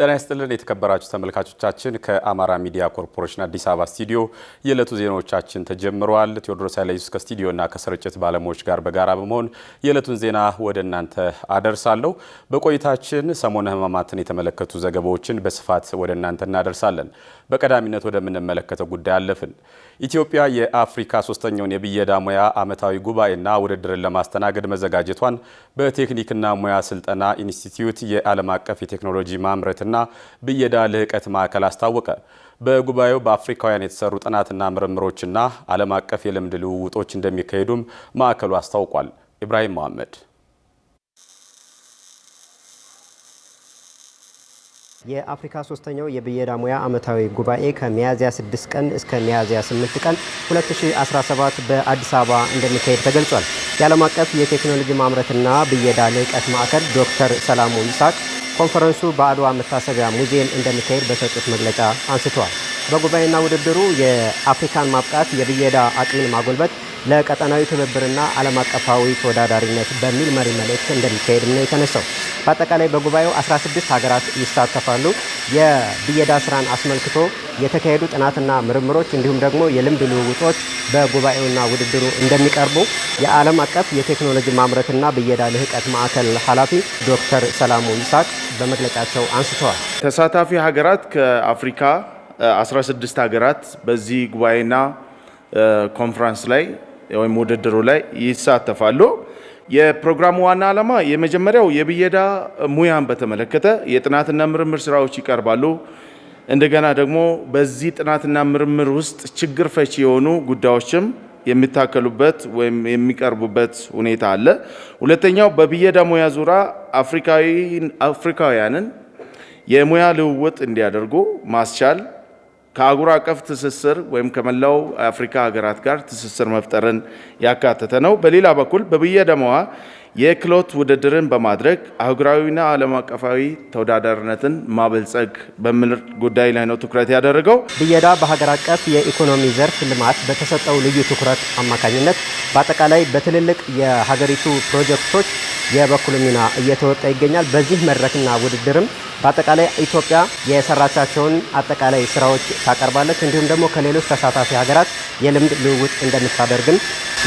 ጤና ይስጥልን የተከበራችሁ ተመልካቾቻችን፣ ከአማራ ሚዲያ ኮርፖሬሽን አዲስ አበባ ስቱዲዮ የዕለቱ ዜናዎቻችን ተጀምረዋል። ቴዎድሮስ ኃይለየሱስ ከስቱዲዮና ከስርጭት ባለሙያዎች ጋር በጋራ በመሆን የዕለቱን ዜና ወደ እናንተ አደርሳለሁ። በቆይታችን ሰሞነ ሕማማትን የተመለከቱ ዘገባዎችን በስፋት ወደ እናንተ እናደርሳለን። በቀዳሚነት ወደምንመለከተው ጉዳይ አለፍን። ኢትዮጵያ የአፍሪካ ሶስተኛውን የብየዳ ሙያ ዓመታዊ ጉባኤና ውድድርን ለማስተናገድ መዘጋጀቷን በቴክኒክና ሙያ ስልጠና ኢንስቲትዩት የዓለም አቀፍ የቴክኖሎጂ ማምረትና ብየዳ ልህቀት ማዕከል አስታወቀ። በጉባኤው በአፍሪካውያን የተሰሩ ጥናትና ምርምሮችና ዓለም አቀፍ የልምድ ልውውጦች እንደሚካሄዱም ማዕከሉ አስታውቋል። ኢብራሂም መሐመድ የአፍሪካ ሶስተኛው የብየዳ ሙያ ዓመታዊ ጉባኤ ከሚያዝያ 6 ቀን እስከ ሚያዝያ 8 ቀን 2017 በአዲስ አበባ እንደሚካሄድ ተገልጿል። የዓለም አቀፍ የቴክኖሎጂ ማምረትና ብየዳ ልዕቀት ማዕከል ዶክተር ሰላሙ ይስሐቅ ኮንፈረንሱ በአድዋ መታሰቢያ ሙዚየም እንደሚካሄድ በሰጡት መግለጫ አንስተዋል። በጉባኤና ውድድሩ የአፍሪካን ማብቃት፣ የብየዳ አቅምን ማጎልበት ለቀጠናዊ ትብብርና ዓለም አቀፋዊ ተወዳዳሪነት በሚል መሪ መልእክት እንደሚካሄድም ነው የተነሳው። በአጠቃላይ በጉባኤው 16 ሀገራት ይሳተፋሉ። የብየዳ ስራን አስመልክቶ የተካሄዱ ጥናትና ምርምሮች እንዲሁም ደግሞ የልምድ ልውውጦች በጉባኤውና ውድድሩ እንደሚቀርቡ የዓለም አቀፍ የቴክኖሎጂ ማምረትና ብየዳ ልህቀት ማዕከል ኃላፊ ዶክተር ሰላሙ ይስሐቅ በመግለጫቸው አንስተዋል። ተሳታፊ ሀገራት ከአፍሪካ 16 ሀገራት በዚህ ጉባኤና ኮንፈረንስ ላይ ወይም ውድድሩ ላይ ይሳተፋሉ። የፕሮግራሙ ዋና ዓላማ የመጀመሪያው የብየዳ ሙያን በተመለከተ የጥናትና ምርምር ስራዎች ይቀርባሉ። እንደገና ደግሞ በዚህ ጥናትና ምርምር ውስጥ ችግር ፈቺ የሆኑ ጉዳዮችም የሚታከሉበት ወይም የሚቀርቡበት ሁኔታ አለ። ሁለተኛው በብየዳ ሙያ ዙሪያ አፍሪካውያንን የሙያ ልውውጥ እንዲያደርጉ ማስቻል ከአህጉር አቀፍ ትስስር ወይም ከመላው አፍሪካ ሀገራት ጋር ትስስር መፍጠርን ያካተተ ነው። በሌላ በኩል በብየደመዋ የክህሎት ውድድርን በማድረግ አህጉራዊና ዓለም አቀፋዊ ተወዳዳሪነትን ማበልጸግ በሚል ጉዳይ ላይ ነው ትኩረት ያደረገው። ብየዳ በሀገር አቀፍ የኢኮኖሚ ዘርፍ ልማት በተሰጠው ልዩ ትኩረት አማካኝነት በአጠቃላይ በትልልቅ የሀገሪቱ ፕሮጀክቶች የበኩል ሚና እየተወጣ ይገኛል። በዚህ መድረክና ውድድርም በአጠቃላይ ኢትዮጵያ የሰራቻቸውን አጠቃላይ ስራዎች ታቀርባለች። እንዲሁም ደግሞ ከሌሎች ተሳታፊ ሀገራት የልምድ ልውውጥ እንደምታደርግም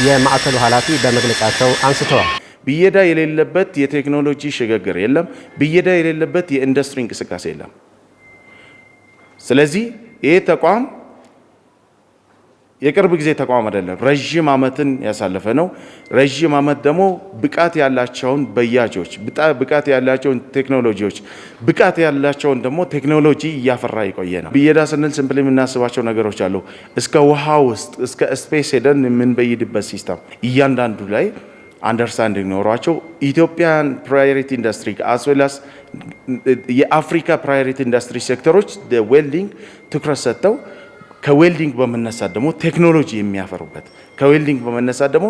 የማዕከሉ ኃላፊ በመግለጫቸው አንስተዋል። ብየዳ የሌለበት የቴክኖሎጂ ሽግግር የለም። ብየዳ የሌለበት የኢንዱስትሪ እንቅስቃሴ የለም። ስለዚህ ይህ ተቋም የቅርብ ጊዜ ተቋም አይደለም። ረዥም ዓመትን ያሳለፈ ነው። ረዥም ዓመት ደግሞ ብቃት ያላቸውን በያጆች፣ ብቃት ያላቸውን ቴክኖሎጂዎች፣ ብቃት ያላቸውን ደግሞ ቴክኖሎጂ እያፈራ የቆየ ነው። ብየዳ ስንል ስምፕል የምናስባቸው ነገሮች አሉ። እስከ ውሃ ውስጥ እስከ ስፔስ ሄደን የምንበይድበት ሲስተም እያንዳንዱ ላይ አንደርስታንዲንግ ኖሯቸው ኢትዮጵያን ፕራዮሪቲ ኢንዱስትሪ አስዌላስ የአፍሪካ ፕራዮሪቲ ኢንዱስትሪ ሴክተሮች ዌልዲንግ ትኩረት ሰጥተው ከዌልዲንግ በመነሳት ደግሞ ቴክኖሎጂ የሚያፈሩበት ከዌልዲንግ በመነሳት ደግሞ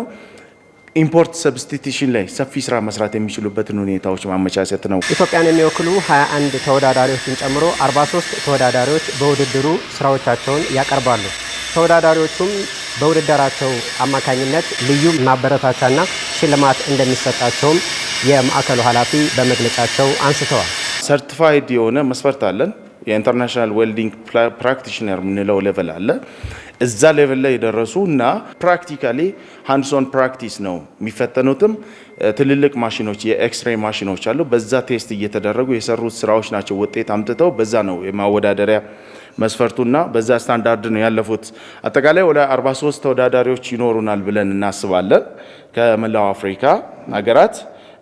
ኢምፖርት ሰብስቲቲሽን ላይ ሰፊ ስራ መስራት የሚችሉበትን ሁኔታዎች ማመቻቸት ነው። ኢትዮጵያን የሚወክሉ 21 ተወዳዳሪዎችን ጨምሮ 43 ተወዳዳሪዎች በውድድሩ ስራዎቻቸውን ያቀርባሉ። ተወዳዳሪዎቹም በውድድራቸው አማካኝነት ልዩ ማበረታቻና ሽልማት እንደሚሰጣቸውም የማዕከሉ ኃላፊ በመግለጫቸው አንስተዋል። ሰርቲፋይድ የሆነ መስፈርት አለን። የኢንተርናሽናል ዌልዲንግ ፕራክቲሽነር የምንለው ሌቨል አለ። እዛ ሌቨል ላይ የደረሱ እና ፕራክቲካሊ ሃንድሶን ፕራክቲስ ነው የሚፈተኑትም። ትልልቅ ማሽኖች የኤክስሬ ማሽኖች አሉ። በዛ ቴስት እየተደረጉ የሰሩት ስራዎች ናቸው ውጤት አምጥተው በዛ ነው የማወዳደሪያ መስፈርቱና በዛ ስታንዳርድ ነው ያለፉት። አጠቃላይ ወደ 43 ተወዳዳሪዎች ይኖሩናል ብለን እናስባለን። ከመላው አፍሪካ ሀገራት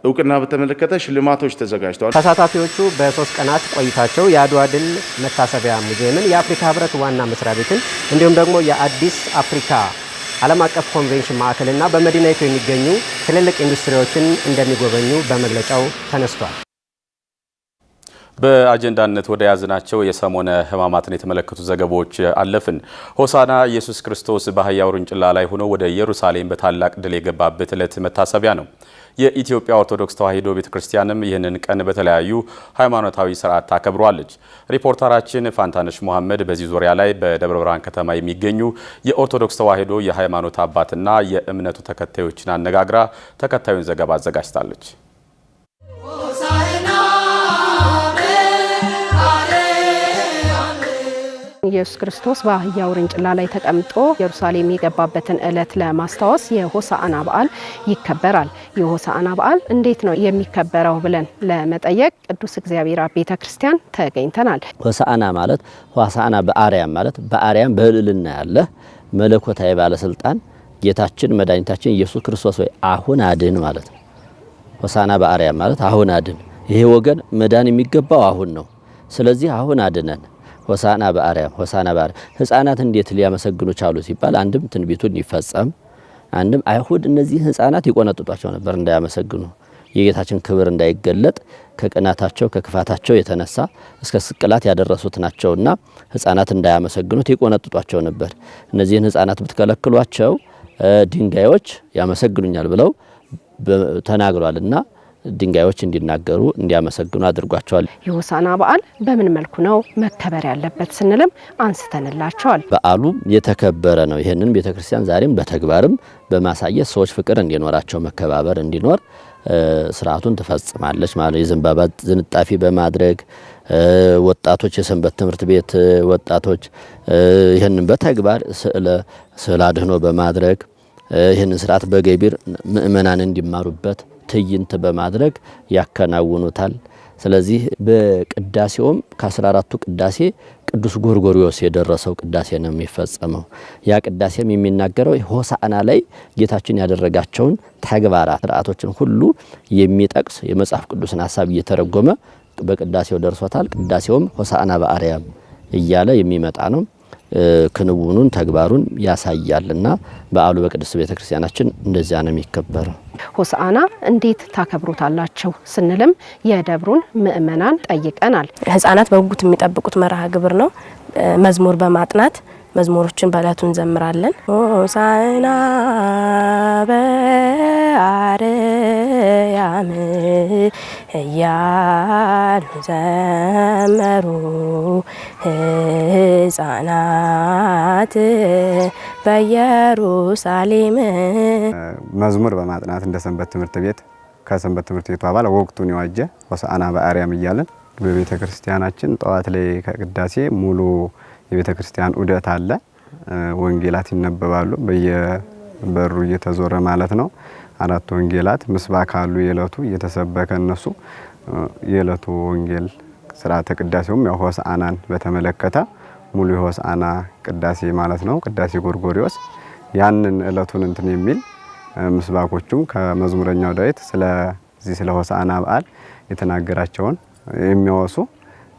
እውቅና በተመለከተ ሽልማቶች ተዘጋጅተዋል። ተሳታፊዎቹ በሶስት ቀናት ቆይታቸው የአድዋ ድል መታሰቢያ ሙዚየምን፣ የአፍሪካ ህብረት ዋና መስሪያ ቤትን እንዲሁም ደግሞ የአዲስ አፍሪካ ዓለም አቀፍ ኮንቬንሽን ማዕከልና በመዲናይቱ የሚገኙ ትልልቅ ኢንዱስትሪዎችን እንደሚጎበኙ በመግለጫው ተነስቷል። በአጀንዳነት ወደ ያዝናቸው የሰሞነ ሕማማትን የተመለከቱ ዘገባዎች አለፍን። ሆሳና ኢየሱስ ክርስቶስ በአህያ ውርንጭላ ላይ ሆኖ ወደ ኢየሩሳሌም በታላቅ ድል የገባበት ዕለት መታሰቢያ ነው። የኢትዮጵያ ኦርቶዶክስ ተዋሕዶ ቤተ ክርስቲያንም ይህንን ቀን በተለያዩ ሃይማኖታዊ ስርዓት ታከብሯለች። ሪፖርተራችን ፋንታነሽ መሐመድ በዚህ ዙሪያ ላይ በደብረ ብርሃን ከተማ የሚገኙ የኦርቶዶክስ ተዋሕዶ የሃይማኖት አባትና የእምነቱ ተከታዮችን አነጋግራ ተከታዩን ዘገባ አዘጋጅታለች። ኢየሱስ ክርስቶስ በአህያ ውርንጭላ ላይ ተቀምጦ ኢየሩሳሌም የገባበትን ዕለት ለማስታወስ የሆሳዕና በዓል ይከበራል። የሆሳዕና በዓል እንዴት ነው የሚከበረው ብለን ለመጠየቅ ቅዱስ እግዚአብሔር አብ ቤተ ክርስቲያን ተገኝተናል። ሆሳዕና ማለት ሆሳዕና በአርያም ማለት በአርያም በልዕልና ያለ መለኮታዊ ባለስልጣን ጌታችን መድኃኒታችን ኢየሱስ ክርስቶስ ወይ አሁን አድን ማለት ነው። ሆሳዕና በአርያም ማለት አሁን አድን። ይሄ ወገን መዳን የሚገባው አሁን ነው። ስለዚህ አሁን አድነን ሆሳና በአርያም ሆሳና በአርያም ህፃናት እንዴት ሊያመሰግኑ ቻሉ ሲባል አንድም ትንቢቱን ይፈጸም፣ አንድም አይሁድ እነዚህ ህፃናት ይቆነጥጧቸው ነበር እንዳያመሰግኑ የጌታችን ክብር እንዳይገለጥ ከቅናታቸው ከክፋታቸው የተነሳ እስከ ስቅላት ያደረሱት ናቸውና ህፃናት እንዳያመሰግኑት ይቆነጥጧቸው ነበር። እነዚህን ህፃናት ብትከለክሏቸው ድንጋዮች ያመሰግኑኛል ብለው ተናግሯልና ድንጋዮች እንዲናገሩ እንዲያመሰግኑ አድርጓቸዋል። የሆሳና በዓል በምን መልኩ ነው መከበር ያለበት ስንልም አንስተንላቸዋል። በዓሉ የተከበረ ነው። ይህንን ቤተክርስቲያን ዛሬም በተግባርም በማሳየት ሰዎች ፍቅር እንዲኖራቸው መከባበር እንዲኖር ስርዓቱን ትፈጽማለች ማለት የዘንባባ ዝንጣፊ በማድረግ ወጣቶች የሰንበት ትምህርት ቤት ወጣቶች ይህንን በተግባር ስዕለ አድህኖ በማድረግ ይህንን ስርዓት በገቢር ምእመናን እንዲማሩበት ትዕይንት በማድረግ ያከናውኑታል። ስለዚህ በቅዳሴውም ከ14ቱ ቅዳሴ ቅዱስ ጎርጎሪዎስ የደረሰው ቅዳሴ ነው የሚፈጸመው። ያ ቅዳሴም የሚናገረው ሆሳዕና ላይ ጌታችን ያደረጋቸውን ተግባራት፣ ስርዓቶችን ሁሉ የሚጠቅስ የመጽሐፍ ቅዱስን ሀሳብ እየተረጎመ በቅዳሴው ደርሶታል። ቅዳሴውም ሆሳዕና በአርያም እያለ የሚመጣ ነው። ክንውኑን ተግባሩን ያሳያል እና በዓሉ በቅድስት ቤተ ክርስቲያናችን እንደዚያ ነው የሚከበረው። ሆሳዕና እንዴት ታከብሩታላችሁ ስንልም የደብሩን ምእመናን ጠይቀናል። ህጻናት በጉጉት የሚጠብቁት መርሃ ግብር ነው። መዝሙር በማጥናት መዝሙሮችን በእለቱ እንዘምራለን። ሆሳዕና በአርያም እያሉ ዘመሩ ሕፃናት በኢየሩሳሌም። መዝሙር በማጥናት እንደ ሰንበት ትምህርት ቤት ከሰንበት ትምህርት ቤቱ አባል ወቅቱን የዋጀ ሆሳዕና በአርያም እያለን በቤተ ክርስቲያናችን ጠዋት ላይ ከቅዳሴ ሙሉ የቤተ ክርስቲያን ዑደት አለ። ወንጌላት ይነበባሉ በየበሩ እየተዞረ ማለት ነው። አራት ወንጌላት ምስባክ ካሉ የዕለቱ እየተሰበከ እነሱ የዕለቱ ወንጌል ስርዓተ ቅዳሴውም ያው በተመለከተ ሙሉ የሆሳዕና ቅዳሴ ማለት ነው። ቅዳሴ ጎርጎሪዎስ ያንን እለቱን እንትን የሚል ምስባኮቹም ከመዝሙረኛው ዳዊት ስለዚህ ስለ ሆሳዕና በዓል የተናገራቸውን የሚያወሱ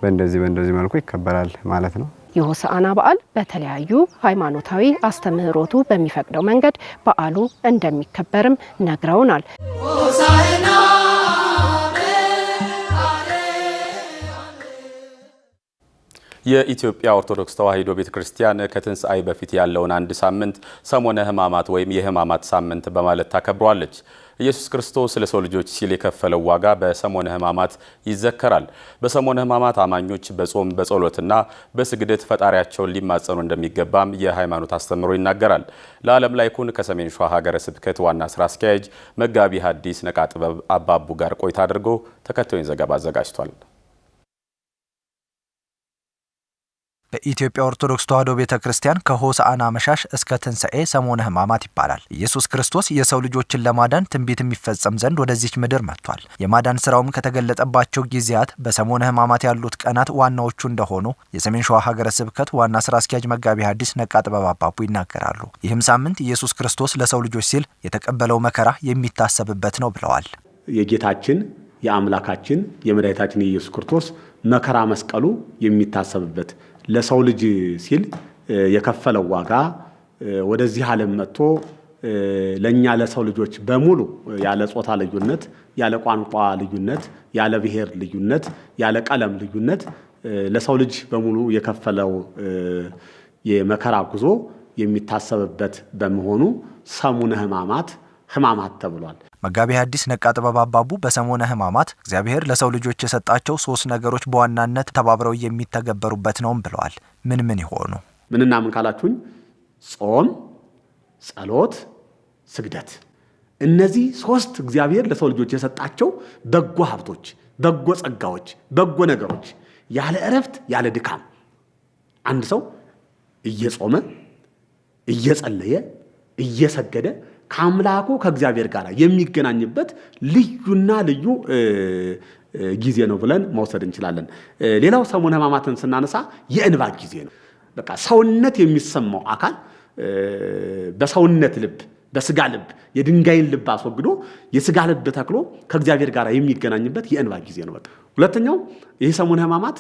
በእንደዚህ በእንደዚህ መልኩ ይከበራል ማለት ነው። የሆሳዕና በዓል በተለያዩ ሃይማኖታዊ አስተምህሮቱ በሚፈቅደው መንገድ በዓሉ እንደሚከበርም ነግረውናል። የኢትዮጵያ ኦርቶዶክስ ተዋሕዶ ቤተ ክርስቲያን ከትንሣኤ በፊት ያለውን አንድ ሳምንት ሰሞነ ሕማማት ወይም የሕማማት ሳምንት በማለት ታከብሯለች። ኢየሱስ ክርስቶስ ለሰው ልጆች ሲል የከፈለው ዋጋ በሰሞነ ሕማማት ይዘከራል። በሰሞነ ሕማማት አማኞች በጾም በጸሎትና በስግደት ፈጣሪያቸውን ሊማጸኑ እንደሚገባም የሃይማኖት አስተምሮ ይናገራል። ለዓለም ላይ ኩን ከሰሜን ሸዋ ሀገረ ስብከት ዋና ስራ አስኪያጅ መጋቢ ሐዲስ ነቃ ጥበብ አባቡ ጋር ቆይታ አድርጎ ተከታዩን ዘገባ አዘጋጅቷል። በኢትዮጵያ ኦርቶዶክስ ተዋሕዶ ቤተ ክርስቲያን ከሆሳዕና መሻሽ እስከ ትንሣኤ ሰሞነ ሕማማት ይባላል። ኢየሱስ ክርስቶስ የሰው ልጆችን ለማዳን ትንቢት የሚፈጸም ዘንድ ወደዚች ምድር መጥቷል። የማዳን ስራውም ከተገለጠባቸው ጊዜያት በሰሞነ ሕማማት ያሉት ቀናት ዋናዎቹ እንደሆኑ የሰሜን ሸዋ ሀገረ ስብከት ዋና ስራ አስኪያጅ መጋቢ ሐዲስ ነቃ ጥበብ አባቡ ይናገራሉ። ይህም ሳምንት ኢየሱስ ክርስቶስ ለሰው ልጆች ሲል የተቀበለው መከራ የሚታሰብበት ነው ብለዋል። የጌታችን የአምላካችን የመድኃኒታችን የኢየሱስ ክርስቶስ መከራ መስቀሉ የሚታሰብበት ለሰው ልጅ ሲል የከፈለው ዋጋ ወደዚህ ዓለም መጥቶ ለእኛ ለሰው ልጆች በሙሉ ያለ ጾታ ልዩነት፣ ያለ ቋንቋ ልዩነት፣ ያለ ብሔር ልዩነት፣ ያለ ቀለም ልዩነት ለሰው ልጅ በሙሉ የከፈለው የመከራ ጉዞ የሚታሰብበት በመሆኑ ሰሙነ ሕማማት ህማማት ተብሏል። መጋቢ ሐዲስ ነቃ ጥበብ አባቡ በሰሞነ ህማማት እግዚአብሔር ለሰው ልጆች የሰጣቸው ሶስት ነገሮች በዋናነት ተባብረው የሚተገበሩበት ነውም ብለዋል። ምን ምን ይሆኑ? ምንና ምን ካላችሁኝ፣ ጾም፣ ጸሎት፣ ስግደት። እነዚህ ሶስት እግዚአብሔር ለሰው ልጆች የሰጣቸው በጎ ሀብቶች፣ በጎ ጸጋዎች፣ በጎ ነገሮች ያለ እረፍት ያለ ድካም አንድ ሰው እየጾመ እየጸለየ እየሰገደ ከአምላኩ ከእግዚአብሔር ጋር የሚገናኝበት ልዩና ልዩ ጊዜ ነው ብለን መውሰድ እንችላለን። ሌላው ሰሙነ ሕማማትን ስናነሳ የእንባ ጊዜ ነው። በቃ ሰውነት የሚሰማው አካል በሰውነት ልብ በስጋ ልብ የድንጋይን ልብ አስወግዶ የስጋ ልብ ተክሎ ከእግዚአብሔር ጋር የሚገናኝበት የእንባ ጊዜ ነው። ሁለተኛው ይህ ሰሙነ ሕማማት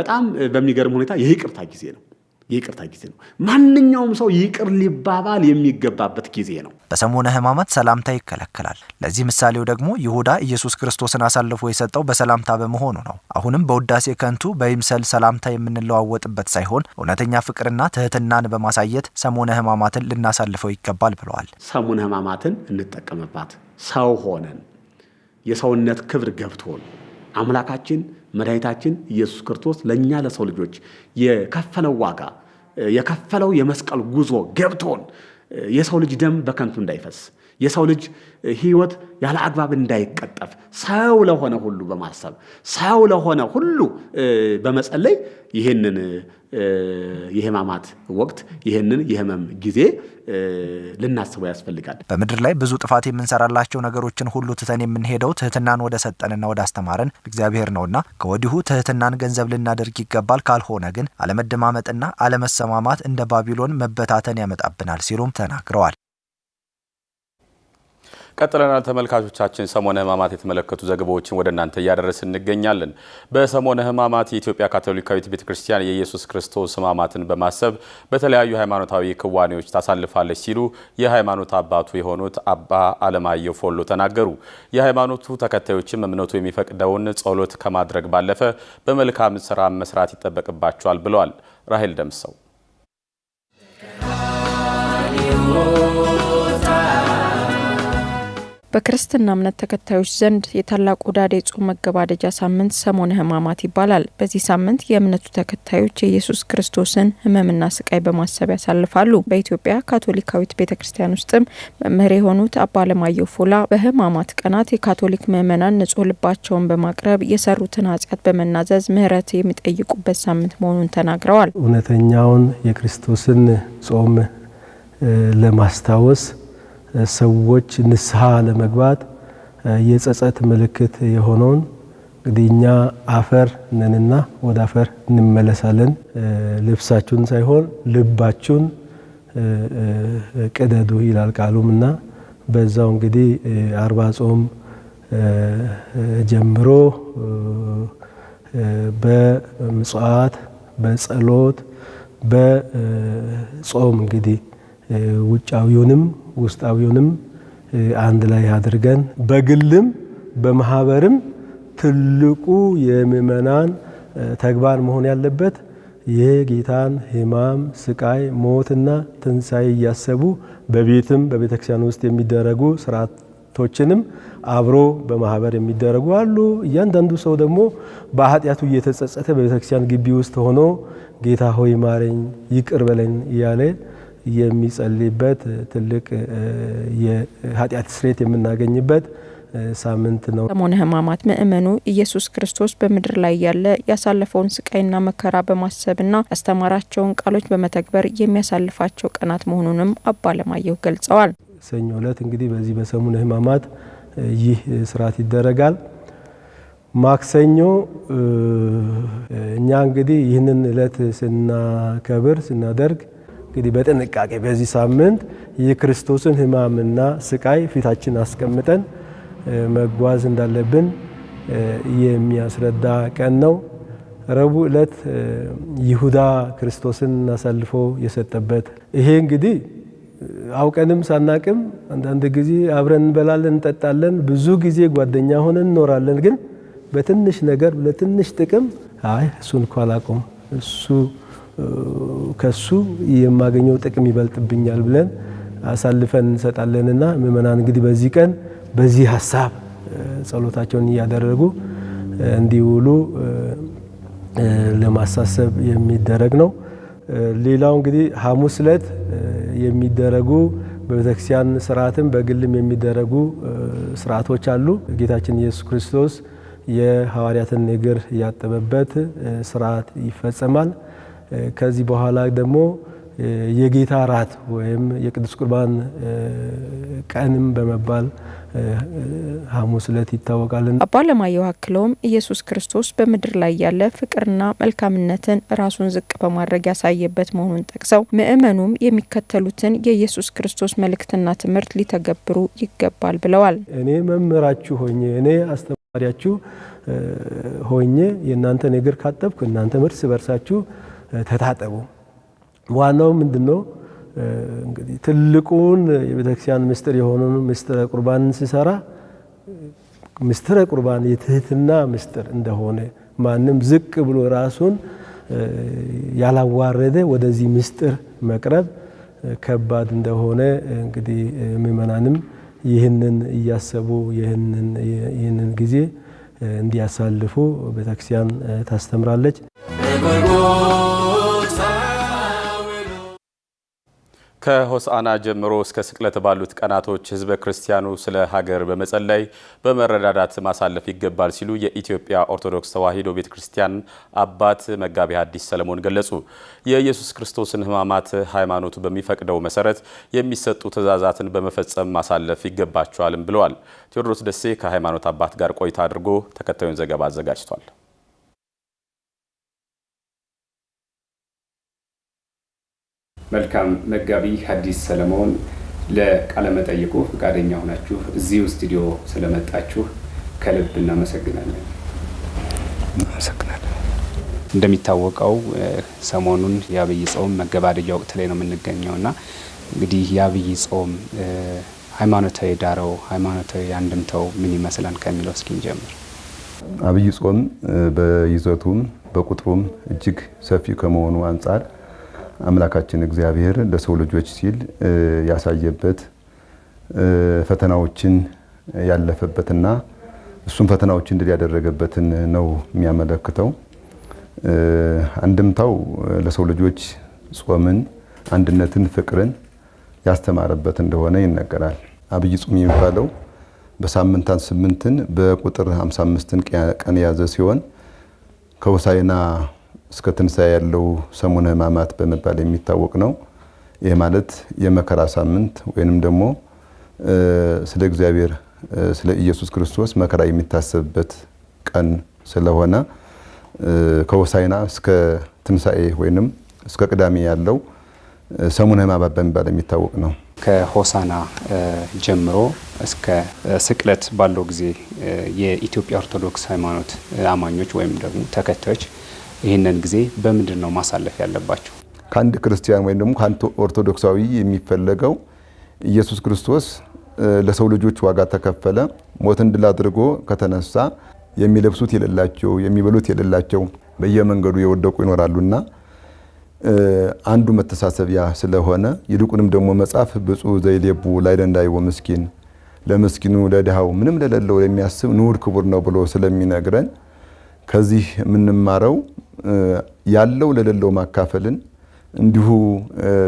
በጣም በሚገርም ሁኔታ የይቅርታ ጊዜ ነው። የይቅርታ ጊዜ ነው። ማንኛውም ሰው ይቅር ሊባባል የሚገባበት ጊዜ ነው። በሰሙነ ሕማማት ሰላምታ ይከለከላል። ለዚህ ምሳሌው ደግሞ ይሁዳ ኢየሱስ ክርስቶስን አሳልፎ የሰጠው በሰላምታ በመሆኑ ነው። አሁንም በውዳሴ ከንቱ በይምሰል ሰላምታ የምንለዋወጥበት ሳይሆን እውነተኛ ፍቅርና ትህትናን በማሳየት ሰሙነ ሕማማትን ልናሳልፈው ይገባል ብለዋል። ሰሙነ ሕማማትን እንጠቀምባት። ሰው ሆነን የሰውነት ክብር ገብቶን አምላካችን መድኃኒታችን ኢየሱስ ክርስቶስ ለእኛ ለሰው ልጆች የከፈለው ዋጋ የከፈለው የመስቀል ጉዞ ገብቶን የሰው ልጅ ደም በከንቱ እንዳይፈስ የሰው ልጅ ህይወት ያለ አግባብ እንዳይቀጠፍ ሰው ለሆነ ሁሉ በማሰብ ሰው ለሆነ ሁሉ በመጸለይ ይህንን የህማማት ወቅት ይህንን የህመም ጊዜ ልናስበው ያስፈልጋል። በምድር ላይ ብዙ ጥፋት የምንሰራላቸው ነገሮችን ሁሉ ትተን የምንሄደው ትህትናን ወደ ሰጠንና ወደ አስተማረን እግዚአብሔር ነውና ከወዲሁ ትህትናን ገንዘብ ልናደርግ ይገባል። ካልሆነ ግን አለመደማመጥና አለመሰማማት እንደ ባቢሎን መበታተን ያመጣብናል ሲሉም ተናግረዋል። ቀጥለናል ተመልካቾቻችን። ሰሞነ ሕማማት የተመለከቱ ዘገባዎችን ወደ እናንተ እያደረስን እንገኛለን። በሰሞነ ሕማማት የኢትዮጵያ ካቶሊካዊት ቤተ ክርስቲያን የኢየሱስ ክርስቶስ ሕማማትን በማሰብ በተለያዩ ሃይማኖታዊ ክዋኔዎች ታሳልፋለች ሲሉ የሃይማኖት አባቱ የሆኑት አባ አለማየሁ ፎሎ ተናገሩ። የሃይማኖቱ ተከታዮችም እምነቱ የሚፈቅደውን ጸሎት ከማድረግ ባለፈ በመልካም ስራ መስራት ይጠበቅባቸዋል ብለዋል። ራሄል ደምሰው በክርስትና እምነት ተከታዮች ዘንድ የታላቁ ወዳዴ ጾም መገባደጃ ሳምንት ሰሞነ ሕማማት ይባላል። በዚህ ሳምንት የእምነቱ ተከታዮች የኢየሱስ ክርስቶስን ሕመምና ስቃይ በማሰብ ያሳልፋሉ። በኢትዮጵያ ካቶሊካዊት ቤተ ክርስቲያን ውስጥም መምህር የሆኑት አባ አለማየሁ ፎላ በሕማማት ቀናት የካቶሊክ ምዕመናን ንጹሕ ልባቸውን በማቅረብ የሰሩትን ኃጢአት በመናዘዝ ምሕረት የሚጠይቁበት ሳምንት መሆኑን ተናግረዋል። እውነተኛውን የክርስቶስን ጾም ለማስታወስ ሰዎች ንስሐ ለመግባት የጸጸት ምልክት የሆነውን እንግዲህ እኛ አፈር ነንና ወደ አፈር እንመለሳለን። ልብሳችሁን ሳይሆን ልባችሁን ቅደዱ ይላል ቃሉም እና በዛው እንግዲህ አርባ ጾም ጀምሮ በምጽዋት፣ በጸሎት፣ በጾም እንግዲህ ውጫዊውንም ውስጣዊውንም አንድ ላይ አድርገን በግልም በማህበርም ትልቁ የምእመናን ተግባር መሆን ያለበት ጌታን ሕማም፣ ስቃይ፣ ሞትና ትንሣኤ እያሰቡ በቤትም በቤተክርስቲያን ውስጥ የሚደረጉ ስርዓቶችንም አብሮ በማህበር የሚደረጉ አሉ። እያንዳንዱ ሰው ደግሞ በኃጢአቱ እየተጸጸተ በቤተክርስቲያን ግቢ ውስጥ ሆኖ ጌታ ሆይ ማረኝ፣ ይቅር በለኝ እያለ የሚጸልይበት ትልቅ የኃጢአት ስሬት የምናገኝበት ሳምንት ነው። ሰሙነ ሕማማት ምእመኑ ኢየሱስ ክርስቶስ በምድር ላይ ያለ ያሳለፈውን ስቃይና መከራ በማሰብና ያስተማራቸውን ቃሎች በመተግበር የሚያሳልፋቸው ቀናት መሆኑንም አባ ለማየሁ ገልጸዋል። ሰኞ ዕለት እንግዲህ በዚህ በሰሙነ ሕማማት ይህ ስርዓት ይደረጋል። ማክሰኞ እኛ እንግዲህ ይህንን እለት ስናከብር ስናደርግ እንግዲህ በጥንቃቄ በዚህ ሳምንት የክርስቶስን ሕማምና ስቃይ ፊታችን አስቀምጠን መጓዝ እንዳለብን የሚያስረዳ ቀን ነው። ረቡዕ ዕለት ይሁዳ ክርስቶስን አሳልፎ የሰጠበት ይሄ እንግዲህ አውቀንም ሳናቅም አንዳንድ ጊዜ አብረን እንበላለን፣ እንጠጣለን፣ ብዙ ጊዜ ጓደኛ ሆነን እንኖራለን። ግን በትንሽ ነገር ለትንሽ ጥቅም አይ እሱን እኮ አላውቀውም እሱ ከሱ የማገኘው ጥቅም ይበልጥብኛል ብለን አሳልፈን እንሰጣለንና ምእመናን እንግዲህ በዚህ ቀን በዚህ ሀሳብ ጸሎታቸውን እያደረጉ እንዲውሉ ለማሳሰብ የሚደረግ ነው። ሌላው እንግዲህ ሐሙስ ዕለት የሚደረጉ በቤተክርስቲያን ስርዓትም በግልም የሚደረጉ ስርዓቶች አሉ። ጌታችን ኢየሱስ ክርስቶስ የሐዋርያትን እግር ያጠበበት ስርዓት ይፈጸማል። ከዚህ በኋላ ደግሞ የጌታ ራት ወይም የቅዱስ ቁርባን ቀንም በመባል ሐሙስ ዕለት ይታወቃል። አባ ለማየሁ አክለውም ኢየሱስ ክርስቶስ በምድር ላይ ያለ ፍቅርና መልካምነትን ራሱን ዝቅ በማድረግ ያሳየበት መሆኑን ጠቅሰው ምእመኑም የሚከተሉትን የኢየሱስ ክርስቶስ መልእክትና ትምህርት ሊተገብሩ ይገባል ብለዋል። እኔ መምህራችሁ ሆኜ እኔ አስተማሪያችሁ ሆኜ የእናንተን እግር ካጠብኩ እናንተ ምርት ስበርሳችሁ ተታጠቡ። ዋናው ምንድን ነው እንግዲህ ትልቁን የቤተክርስቲያን ምስጢር የሆነውን ምስጢረ ቁርባንን ሲሰራ ምስጢረ ቁርባን የትህትና ምስጢር እንደሆነ ማንም ዝቅ ብሎ ራሱን ያላዋረደ ወደዚህ ምስጢር መቅረብ ከባድ እንደሆነ እንግዲህ ምእመናንም ይህንን እያሰቡ ይህንን ጊዜ እንዲያሳልፉ ቤተክርስቲያን ታስተምራለች። ከሆሳና ጀምሮ እስከ ስቅለት ባሉት ቀናቶች ህዝበ ክርስቲያኑ ስለ ሀገር በመጸለይ በመረዳዳት ማሳለፍ ይገባል ሲሉ የኢትዮጵያ ኦርቶዶክስ ተዋሕዶ ቤተ ክርስቲያን አባት መጋቤ ሐዲስ ሰለሞን ገለጹ። የኢየሱስ ክርስቶስን ሕማማት ሃይማኖቱ በሚፈቅደው መሰረት የሚሰጡ ትእዛዛትን በመፈጸም ማሳለፍ ይገባቸዋልም ብለዋል። ቴዎድሮስ ደሴ ከሃይማኖት አባት ጋር ቆይታ አድርጎ ተከታዩን ዘገባ አዘጋጅቷል። መልካም መጋቢ ሐዲስ ሰለሞን ለቃለ መጠይቁ ፈቃደኛ ሆናችሁ እዚሁ ስቱዲዮ ስለመጣችሁ ከልብ እናመሰግናለን። እናመሰግናለን። እንደሚታወቀው ሰሞኑን የአብይ ጾም መገባደጃ ወቅት ላይ ነው የምንገኘው እና እንግዲህ የአብይ ጾም ሃይማኖታዊ ዳራው፣ ሃይማኖታዊ አንድምታው ምን ይመስላል ከሚለው እስኪን ጀምር። አብይ ጾም በይዘቱም በቁጥሩም እጅግ ሰፊ ከመሆኑ አንጻር አምላካችን እግዚአብሔር ለሰው ልጆች ሲል ያሳየበት ፈተናዎችን ያለፈበትና እሱም ፈተናዎችን እንድል ያደረገበትን ነው የሚያመለክተው። አንድምታው ለሰው ልጆች ጾምን፣ አንድነትን፣ ፍቅርን ያስተማረበት እንደሆነ ይነገራል። አብይ ጾም የሚባለው በሳምንታት ስምንትን በቁጥር 55ን ቀን የያዘ ሲሆን ከሆሳዕና እስከ ትንሣኤ ያለው ሰሙነ ሕማማት በመባል የሚታወቅ ነው። ይህ ማለት የመከራ ሳምንት ወይንም ደግሞ ስለ እግዚአብሔር ስለ ኢየሱስ ክርስቶስ መከራ የሚታሰብበት ቀን ስለሆነ ከወሳይና እስከ ትንሣኤ ወይንም እስከ ቅዳሜ ያለው ሰሙነ ሕማማት በመባል የሚታወቅ ነው። ከሆሳና ጀምሮ እስከ ስቅለት ባለው ጊዜ የኢትዮጵያ ኦርቶዶክስ ሃይማኖት አማኞች ወይም ደግሞ ተከታዮች ይህንን ጊዜ በምንድን ነው ማሳለፍ ያለባቸው? ከአንድ ክርስቲያን ወይም ደግሞ ከአንድ ኦርቶዶክሳዊ የሚፈለገው ኢየሱስ ክርስቶስ ለሰው ልጆች ዋጋ ተከፈለ፣ ሞትን ድል አድርጎ ከተነሳ የሚለብሱት የሌላቸው የሚበሉት የሌላቸው በየመንገዱ የወደቁ ይኖራሉና አንዱ መተሳሰቢያ ስለሆነ ይልቁንም ደግሞ መጽሐፍ ብፁዕ ዘይሌቡ ላይደንዳይዎ ምስኪን ለምስኪኑ ለድሃው ምንም ለሌለው ለሚያስብ ንዑድ ክቡር ነው ብሎ ስለሚነግረን ከዚህ የምንማረው ያለው ለሌለው ማካፈልን እንዲሁ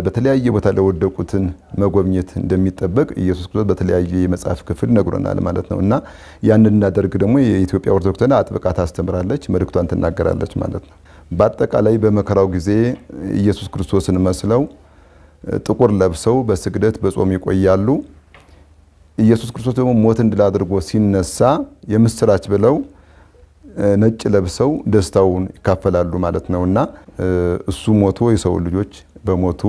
በተለያየ ቦታ ለወደቁትን መጎብኘት እንደሚጠበቅ ኢየሱስ ክርስቶስ በተለያየ የመጽሐፍ ክፍል ነግሮናል ማለት ነው እና ያንን እናደርግ ደግሞ የኢትዮጵያ ኦርቶዶክስ አጥብቃ ታስተምራለች፣ መልእክቷን ትናገራለች ማለት ነው። በአጠቃላይ በመከራው ጊዜ ኢየሱስ ክርስቶስን መስለው ጥቁር ለብሰው በስግደት በጾም ይቆያሉ። ኢየሱስ ክርስቶስ ደግሞ ሞትን ድል አድርጎ ሲነሳ የምስራች ብለው ነጭ ለብሰው ደስታውን ይካፈላሉ ማለት ነው እና እሱ ሞቶ የሰው ልጆች በሞቱ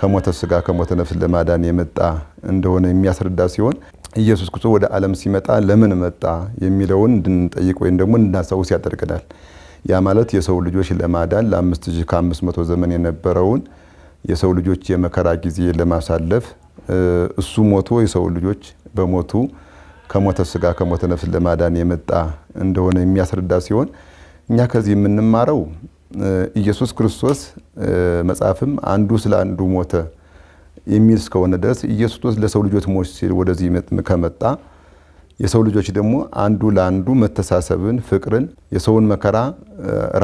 ከሞተ ስጋ ከሞተ ነፍስ ለማዳን የመጣ እንደሆነ የሚያስረዳ ሲሆን ኢየሱስ ክርስቶስ ወደ ዓለም ሲመጣ ለምን መጣ የሚለውን እንድንጠይቅ ወይም ደግሞ እንድናስታውስ ያደርገናል። ያ ማለት የሰው ልጆች ለማዳን ለአምስት ሺህ ከአምስት መቶ ዘመን የነበረውን የሰው ልጆች የመከራ ጊዜ ለማሳለፍ እሱ ሞቶ የሰው ልጆች በሞቱ ከሞተ ስጋ ከሞተ ነፍስ ለማዳን የመጣ እንደሆነ የሚያስረዳ ሲሆን እኛ ከዚህ የምንማረው ኢየሱስ ክርስቶስ መጽሐፍም አንዱ ስለ አንዱ ሞተ የሚል እስከሆነ ድረስ ኢየሱስ ለሰው ልጆች ሞት ሲል ወደዚህ ከመጣ የሰው ልጆች ደግሞ አንዱ ለአንዱ መተሳሰብን፣ ፍቅርን፣ የሰውን መከራ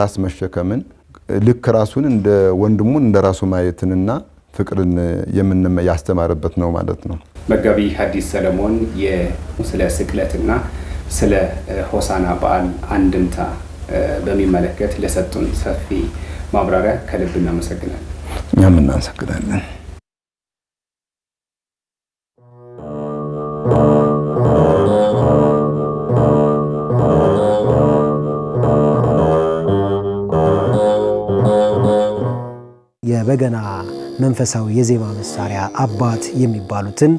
ራስ መሸከምን ልክ ራሱን እንደ ወንድሙን እንደ ራሱ ማየትንና ፍቅርን ያስተማርበት ነው ማለት ነው። መጋቢ ሐዲስ ሰለሞን ስለ ስቅለትና ስለ ሆሳና በዓል አንድምታ በሚመለከት ለሰጡን ሰፊ ማብራሪያ ከልብ እናመሰግናለን። እኛም እናመሰግናለን። የበገና መንፈሳዊ የዜማ መሳሪያ አባት የሚባሉትን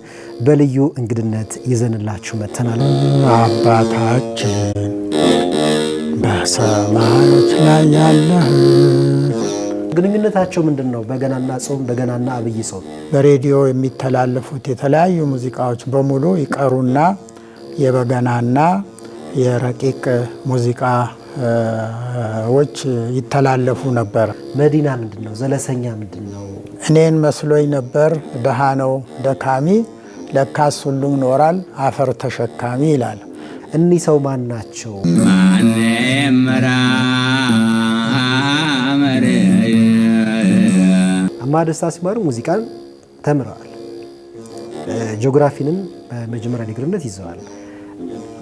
በልዩ እንግድነት ይዘንላችሁ መተናል። አባታችን በሰማያት ላይ ያለህ ግንኙነታቸው ምንድን ነው? በገናና ጾም፣ በገናና አብይ ጾም በሬዲዮ የሚተላለፉት የተለያዩ ሙዚቃዎች በሙሉ ይቀሩና የበገናና የረቂቅ ሙዚቃ ዎች ይተላለፉ ነበር። መዲና ምንድን ነው? ዘለሰኛ ምንድን ነው? እኔን መስሎኝ ነበር። ድሃ ነው ደካሚ፣ ለካስ ሁሉም ኖራል አፈር ተሸካሚ ይላል። እኒህ ሰው ማን ናቸው? አማ ደስታ ሲማሩ ሙዚቃን ተምረዋል። ጂኦግራፊንም በመጀመሪያ ዲግሪነት ይዘዋል።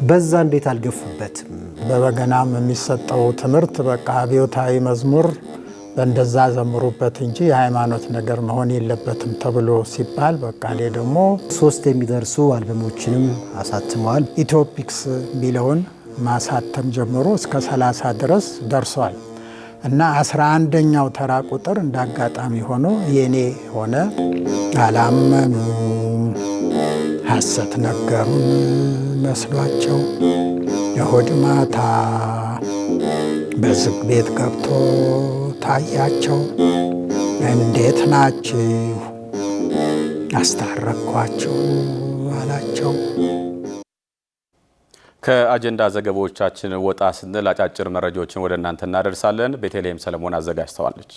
በዛ እንዴት አልገፉበትም? በበገናም የሚሰጠው ትምህርት በቃ አብዮታዊ መዝሙር በእንደዛ ዘምሩበት እንጂ የሃይማኖት ነገር መሆን የለበትም ተብሎ ሲባል በቃ ሌ ደግሞ ሶስት የሚደርሱ አልበሞችንም አሳትመዋል። ኢትዮፒክስ የሚለውን ማሳተም ጀምሮ እስከ 30 ድረስ ደርሷል እና 11ኛው ተራ ቁጥር እንዳጋጣሚ ሆኖ የኔ ሆነ። አላመኑ ሐሰት ነገሩን መስሏቸው የሆድ ማታ በዝግ ቤት ገብቶ ታያቸው። እንዴት ናችሁ አስታረቅኳችሁ አላቸው። ከአጀንዳ ዘገባዎቻችን ወጣ ስንል አጫጭር መረጃዎችን ወደ እናንተ እናደርሳለን። ቤተልሔም ሰለሞን አዘጋጅተዋለች።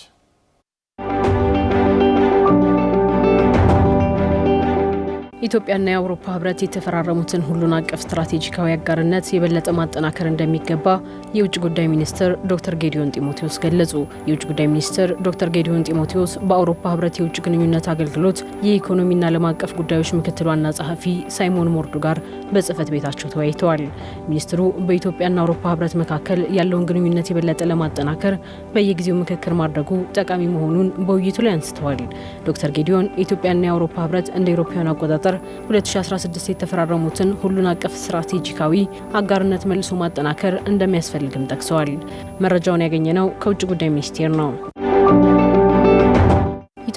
ኢትዮጵያና የአውሮፓ ህብረት የተፈራረሙትን ሁሉን አቀፍ ስትራቴጂካዊ አጋርነት የበለጠ ማጠናከር እንደሚገባ የውጭ ጉዳይ ሚኒስትር ዶክተር ጌዲዮን ጢሞቴዎስ ገለጹ። የውጭ ጉዳይ ሚኒስትር ዶክተር ጌዲዮን ጢሞቴዎስ በአውሮፓ ህብረት የውጭ ግንኙነት አገልግሎት የኢኮኖሚና ዓለም አቀፍ ጉዳዮች ምክትል ዋና ጸሐፊ ሳይሞን ሞርዱ ጋር በጽህፈት ቤታቸው ተወያይተዋል። ሚኒስትሩ በኢትዮጵያና አውሮፓ ህብረት መካከል ያለውን ግንኙነት የበለጠ ለማጠናከር በየጊዜው ምክክር ማድረጉ ጠቃሚ መሆኑን በውይይቱ ላይ አንስተዋል። ዶክተር ጌዲዮን ኢትዮጵያና የአውሮፓ ህብረት እንደ አውሮፓውያን አቆጣጠር 2016 የተፈራረሙትን ሁሉን አቀፍ ስትራቴጂካዊ አጋርነት መልሶ ማጠናከር እንደሚያስፈልግም ጠቅሰዋል። መረጃውን ያገኘነው ከውጭ ጉዳይ ሚኒስቴር ነው።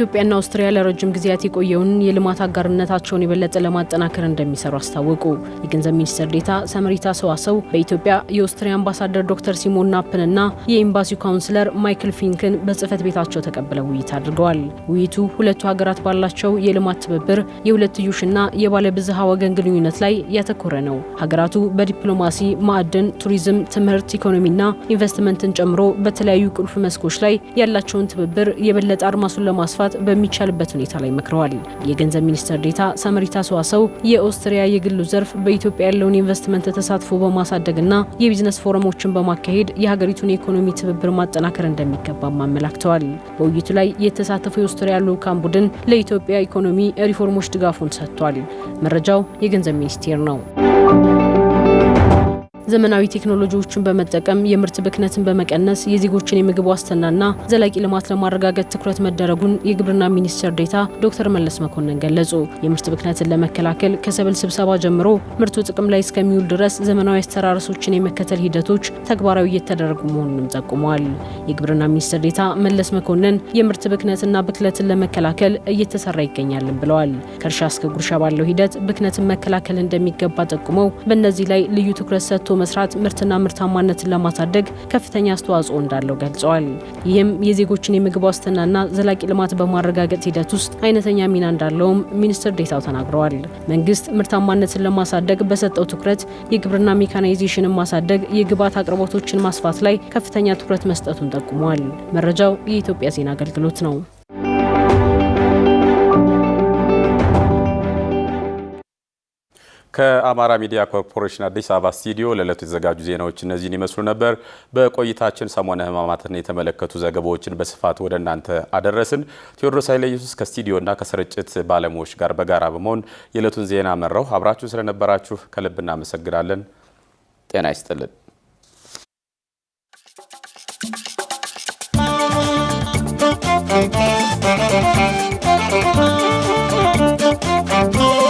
ኢትዮጵያና አውስትሪያ ለረጅም ጊዜያት የቆየውን የልማት አጋርነታቸውን የበለጠ ለማጠናከር እንደሚሰሩ አስታወቁ። የገንዘብ ሚኒስትር ዴታ ሰመሪታ ሰዋሰው በኢትዮጵያ የኦስትሪያ አምባሳደር ዶክተር ሲሞን ናፕንና የኤምባሲ ካውንስለር ማይክል ፊንክን በጽህፈት ቤታቸው ተቀብለው ውይይት አድርገዋል። ውይይቱ ሁለቱ ሀገራት ባላቸው የልማት ትብብር፣ የሁለትዮሽና የባለብዝሃ ወገን ግንኙነት ላይ ያተኮረ ነው። ሀገራቱ በዲፕሎማሲ፣ ማዕድን፣ ቱሪዝም፣ ትምህርት፣ ኢኮኖሚና ኢንቨስትመንትን ጨምሮ በተለያዩ ቁልፍ መስኮች ላይ ያላቸውን ትብብር የበለጠ አድማሱን ለማስፋት መግባት በሚቻልበት ሁኔታ ላይ መክረዋል። የገንዘብ ሚኒስትር ዴታ ሰመሪታ ሰዋሰው የኦስትሪያ የግሉ ዘርፍ በኢትዮጵያ ያለውን ኢንቨስትመንት ተሳትፎ በማሳደግና የቢዝነስ ፎረሞችን በማካሄድ የሀገሪቱን የኢኮኖሚ ትብብር ማጠናከር እንደሚገባም አመላክተዋል። በውይይቱ ላይ የተሳተፈው የኦስትሪያ ልዑካን ቡድን ለኢትዮጵያ ኢኮኖሚ ሪፎርሞች ድጋፉን ሰጥቷል። መረጃው የገንዘብ ሚኒስቴር ነው። ዘመናዊ ቴክኖሎጂዎችን በመጠቀም የምርት ብክነትን በመቀነስ የዜጎችን የምግብ ዋስትናና ዘላቂ ልማት ለማረጋገጥ ትኩረት መደረጉን የግብርና ሚኒስትር ዴታ ዶክተር መለስ መኮንን ገለጹ። የምርት ብክነትን ለመከላከል ከሰብል ስብሰባ ጀምሮ ምርቱ ጥቅም ላይ እስከሚውል ድረስ ዘመናዊ አስተራረሶችን የመከተል ሂደቶች ተግባራዊ እየተደረጉ መሆኑንም ጠቁመዋል። የግብርና ሚኒስትር ዴታ መለስ መኮንን የምርት ብክነትና ብክለትን ለመከላከል እየተሰራ ይገኛልን ብለዋል። ከእርሻ እስከ ጉርሻ ባለው ሂደት ብክነትን መከላከል እንደሚገባ ጠቁመው በእነዚህ ላይ ልዩ ትኩረት ሰጥቶ መስራት ምርትና ምርታማነትን ለማሳደግ ከፍተኛ አስተዋጽኦ እንዳለው ገልጸዋል። ይህም የዜጎችን የምግብ ዋስትናና ዘላቂ ልማት በማረጋገጥ ሂደት ውስጥ አይነተኛ ሚና እንዳለውም ሚኒስትር ዴታው ተናግረዋል። መንግስት ምርታማነትን ለማሳደግ በሰጠው ትኩረት የግብርና ሜካናይዜሽንን ማሳደግ፣ የግብዓት አቅርቦቶችን ማስፋት ላይ ከፍተኛ ትኩረት መስጠቱን ጠቁመዋል። መረጃው የኢትዮጵያ ዜና አገልግሎት ነው። ከአማራ ሚዲያ ኮርፖሬሽን አዲስ አበባ ስቱዲዮ ለዕለቱ የተዘጋጁ ዜናዎች እነዚህን ይመስሉ ነበር። በቆይታችን ሰሞነ ሕማማትን የተመለከቱ ዘገባዎችን በስፋት ወደ እናንተ አደረስን። ቴዎድሮስ ኃይለ ኢየሱስ ከስቱዲዮና ከስርጭት ባለሙያዎች ጋር በጋራ በመሆን የዕለቱን ዜና መራው። አብራችሁ ስለነበራችሁ ከልብ እናመሰግናለን። ጤና ይስጥልን። Thank